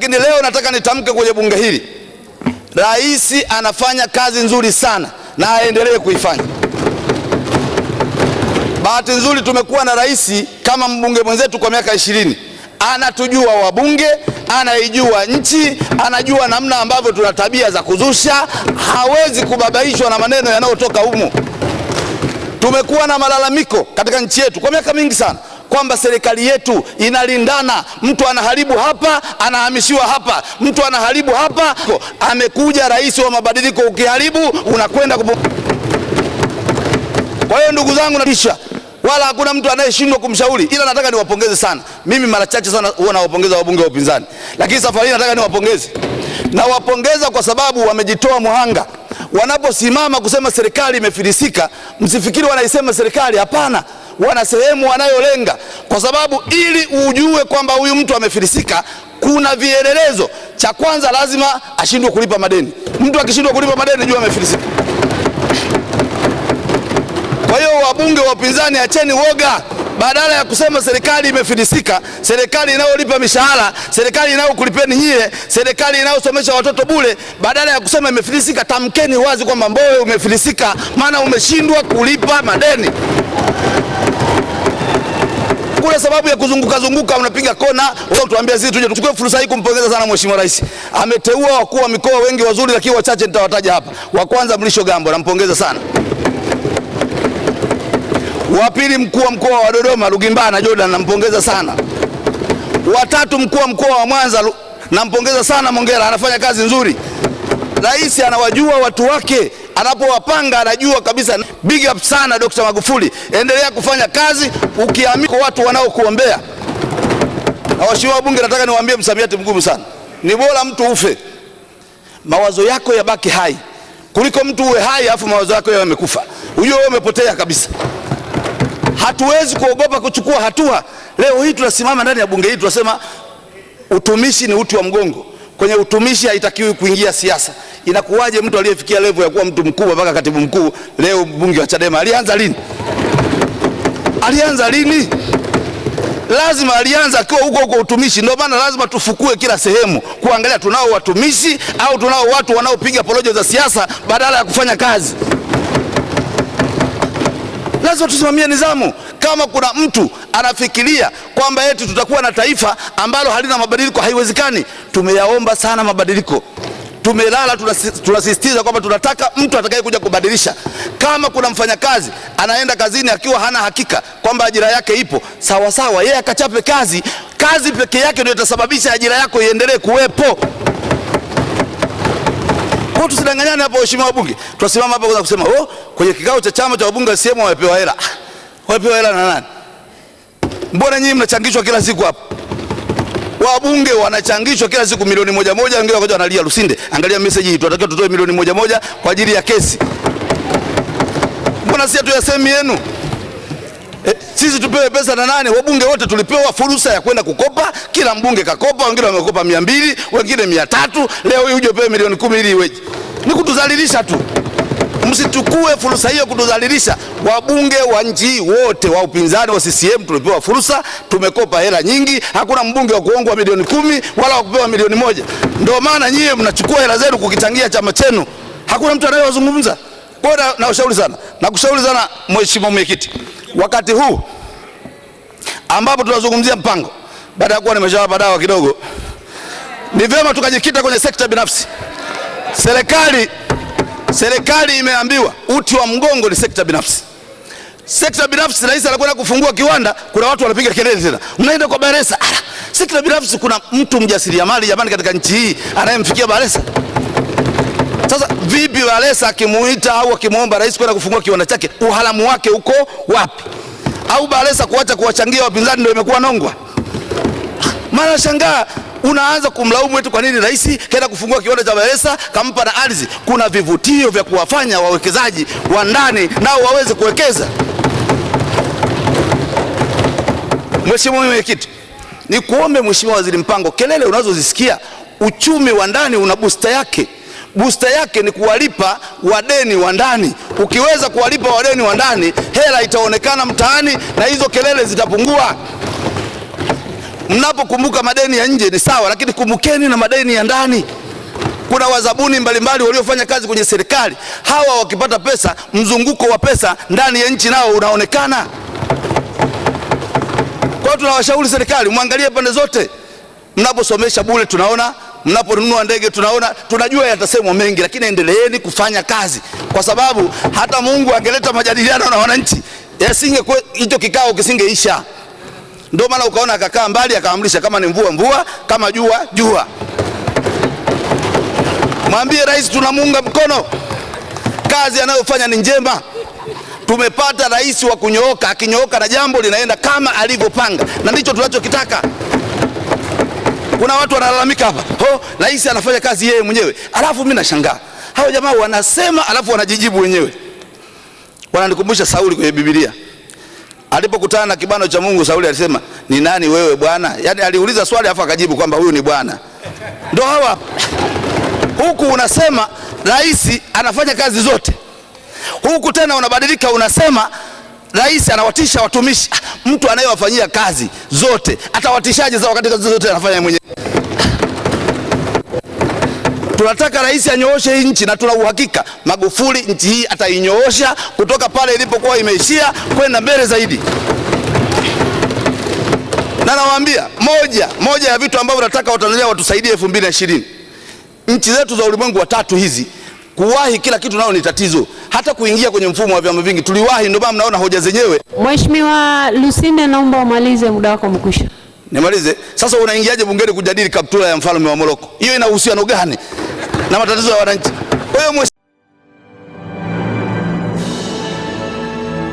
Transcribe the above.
Lakini leo nataka nitamke kwenye bunge hili, rais anafanya kazi nzuri sana na aendelee kuifanya. Bahati nzuri tumekuwa na rais kama mbunge mwenzetu kwa miaka ishirini, anatujua wabunge, anaijua nchi, anajua namna ambavyo tuna tabia za kuzusha, hawezi kubabaishwa na maneno yanayotoka humo. Tumekuwa na malalamiko katika nchi yetu kwa miaka mingi sana kwamba serikali yetu inalindana, mtu anaharibu hapa, anahamishiwa hapa, mtu anaharibu hapa. Amekuja rais wa mabadiliko, ukiharibu unakwenda kupu... Kwa hiyo ndugu zangu, natisha wala hakuna mtu anayeshindwa kumshauri, ila nataka niwapongeze sana. Mimi mara chache sana huwa nawapongeza wabunge wa upinzani, lakini safari hii nataka niwapongeze. Nawapongeza kwa sababu wamejitoa muhanga wanaposimama kusema serikali imefilisika. Msifikiri wanaisema serikali, hapana wana sehemu wanayolenga, kwa sababu ili ujue kwamba huyu mtu amefilisika, kuna vielelezo. Cha kwanza lazima ashindwe kulipa madeni. Mtu akishindwa kulipa madeni, jua amefilisika. Kwa hiyo, wabunge wa upinzani, acheni woga badala ya kusema serikali imefilisika, serikali inayolipa mishahara, serikali inayokulipeni nyie, serikali inayosomesha watoto bule, badala ya kusema imefilisika, tamkeni wazi kwamba Mbowe umefilisika, maana umeshindwa kulipa madeni. Hakuna sababu ya kuzunguka zunguka, unapiga kona wewe, utuambia sisi tuje. Tuchukue fursa hii kumpongeza sana Mheshimiwa Rais, ameteua wakuu wa mikoa wengi wazuri, lakini wachache nitawataja hapa. Wa kwanza Mrisho Gambo, nampongeza sana. Wa pili mkuu wa mkoa wa Dodoma Lugimbana Jordan, nampongeza sana. Wa tatu mkuu wa mkoa wa Mwanza, nampongeza sana Mongera, anafanya kazi nzuri. Rais anawajua watu wake anapowapanga anajua kabisa. Big up sana Dr. Magufuli, endelea kufanya kazi ukiamini kwa watu wanaokuombea. Na waheshimiwa wabunge, nataka niwaambie msamiati mgumu sana, ni bora mtu ufe mawazo yako yabaki hai kuliko mtu uwe hai afu mawazo yako yawe yamekufa. Ujue wewe umepotea kabisa. Hatuwezi kuogopa kuchukua hatua. Leo hii tunasimama ndani ya bunge hili tunasema utumishi ni uti wa mgongo kwenye utumishi haitakiwi kuingia siasa. Inakuwaje mtu aliyefikia levo ya kuwa mtu mkubwa mpaka katibu mkuu leo mbunge wa Chadema? Alianza lini? Alianza lini? Lazima alianza akiwa huko huko utumishi. Ndio maana lazima tufukue kila sehemu kuangalia tunao watumishi au tunao watu wanaopiga porojo za siasa badala ya kufanya kazi. Lazima tusimamie nidhamu kama kuna mtu anafikiria kwamba eti tutakuwa na taifa ambalo halina mabadiliko, haiwezekani. Tumeyaomba sana mabadiliko, tumelala tunasisitiza kwamba tunataka mtu atakaye kuja kubadilisha. Kama kuna mfanyakazi anaenda kazini akiwa hana hakika kwamba ajira yake ipo sawa sawa, yeye akachape kazi. Kazi peke yake ndio itasababisha ajira yako iendelee kuwepo. Kwa tusidanganyane hapa, waheshimiwa wabunge, tunasimama hapa kuweza kusema oh, kwenye kikao cha chama cha wabunge sehemu wamepewa hela wapewa hela na nani? Mbona nyinyi mnachangishwa kila siku hapa? Wabunge wanachangishwa kila siku milioni moja moja, wengine wakaja wanalia Lusinde, angalia message hii, tunatakiwa tutoe milioni moja moja kwa ajili ya kesi. Mbona sisi yasemi yenu? E, sisi tupewe pesa na nani? Wabunge wote tulipewa fursa ya kwenda kukopa, kila mbunge kakopa, wengine wamekopa mia mbili, wengine mia tatu. Leo hii uje upewe milioni kumi ili iweje? Ni kutudhalilisha tu msichukue fursa hiyo kutudhalilisha. Wabunge wa nchi wote wa upinzani wa CCM tulipewa fursa, tumekopa hela nyingi. Hakuna mbunge wa kuongwa milioni kumi wala wa kupewa milioni moja. Ndio maana nyie mnachukua hela zenu kukitangia chama chenu, hakuna mtu anayewazungumza. Kwa hiyo naushauri sana, nakushauri sana mheshimiwa mwenyekiti, wakati huu ambapo tunazungumzia mpango, baada ya kuwa nimeshawapa dawa kidogo, ni vyema tukajikita kwenye sekta binafsi. Serikali Serikali imeambiwa uti wa mgongo ni sekta binafsi. Sekta binafsi, rais anakwenda kufungua kiwanda, kuna watu wanapiga kelele tena, unaenda kwa Bakhresa. Sekta binafsi, kuna mtu mjasiriamali jamani, katika nchi hii anayemfikia baresa Sasa vipi baresa akimuita au akimwomba rais kwenda kufungua kiwanda chake, uhalamu wake uko wapi? Au baresa kuacha kuwachangia wapinzani ndio imekuwa nongwa? Mara nashangaa unaanza kumlaumu wetu kwa nini rais kaenda kufungua kiwanda cha Bakhresa kampa na ardhi. Kuna vivutio vya kuwafanya wawekezaji wa ndani nao waweze kuwekeza. Mheshimiwa Mwenyekiti, nikuombe Mheshimiwa Waziri Mpango, kelele unazozisikia uchumi wa ndani una busta yake. Busta yake ni kuwalipa wadeni wa ndani. Ukiweza kuwalipa wadeni wa ndani, hela itaonekana mtaani na hizo kelele zitapungua. Mnapokumbuka madeni ya nje ni sawa, lakini kumbukeni na madeni ya ndani. Kuna wazabuni mbalimbali waliofanya kazi kwenye serikali, hawa wakipata pesa, mzunguko wa pesa ndani ya nchi nao unaonekana. Kwa hiyo tunawashauri serikali, mwangalie pande zote. Mnaposomesha bule tunaona, mnaponunua ndege tunaona, tunajua yatasemwa mengi, lakini endeleeni kufanya kazi, kwa sababu hata Mungu angeleta majadiliano na wananchi, yasingekuwa hicho kikao kisingeisha. Ndio maana ukaona akakaa mbali akaamrisha, kama ni mvua mvua, kama jua jua. Mwambie rais tunamuunga mkono, kazi anayofanya ni njema. Tumepata rais wa kunyooka, akinyooka na jambo linaenda kama alivyopanga, na ndicho tunachokitaka. Kuna watu wanalalamika hapa, ho, rais anafanya kazi yeye mwenyewe. Alafu mimi nashangaa hao jamaa wanasema, alafu wanajijibu wenyewe. Wananikumbusha Sauli kwenye Biblia. Alipokutana na kibano cha Mungu, Sauli alisema ni nani wewe Bwana? Yaani aliuliza swali afu akajibu kwamba huyu ni Bwana. Ndo hawa huku unasema rais anafanya kazi zote, huku tena unabadilika unasema rais anawatisha watumishi. Ah, mtu anayewafanyia kazi zote atawatishaje za wakati kazi zote anafanya mwenyewe? Tunataka rais anyooshe hii nchi, na tuna uhakika Magufuli nchi hii atainyoosha kutoka pale ilipokuwa imeishia kwenda mbele zaidi. Na nawaambia moja moja ya vitu ambavyo nataka Watanzania watusaidie 2020 nchi zetu za ulimwengu wa tatu hizi kuwahi kila kitu nao ni tatizo, hata kuingia kwenye mfumo wa vyama vingi tuliwahi, ndio maana mnaona hoja zenyewe. Mheshimiwa Lusinde, naomba umalize, muda wako umekwisha. Nimalize sasa. Unaingiaje bungeni kujadili kaptura ya mfalme wa Moroko? Hiyo inahusiana gani? na matatizo ya wananchi. Kwa hiyo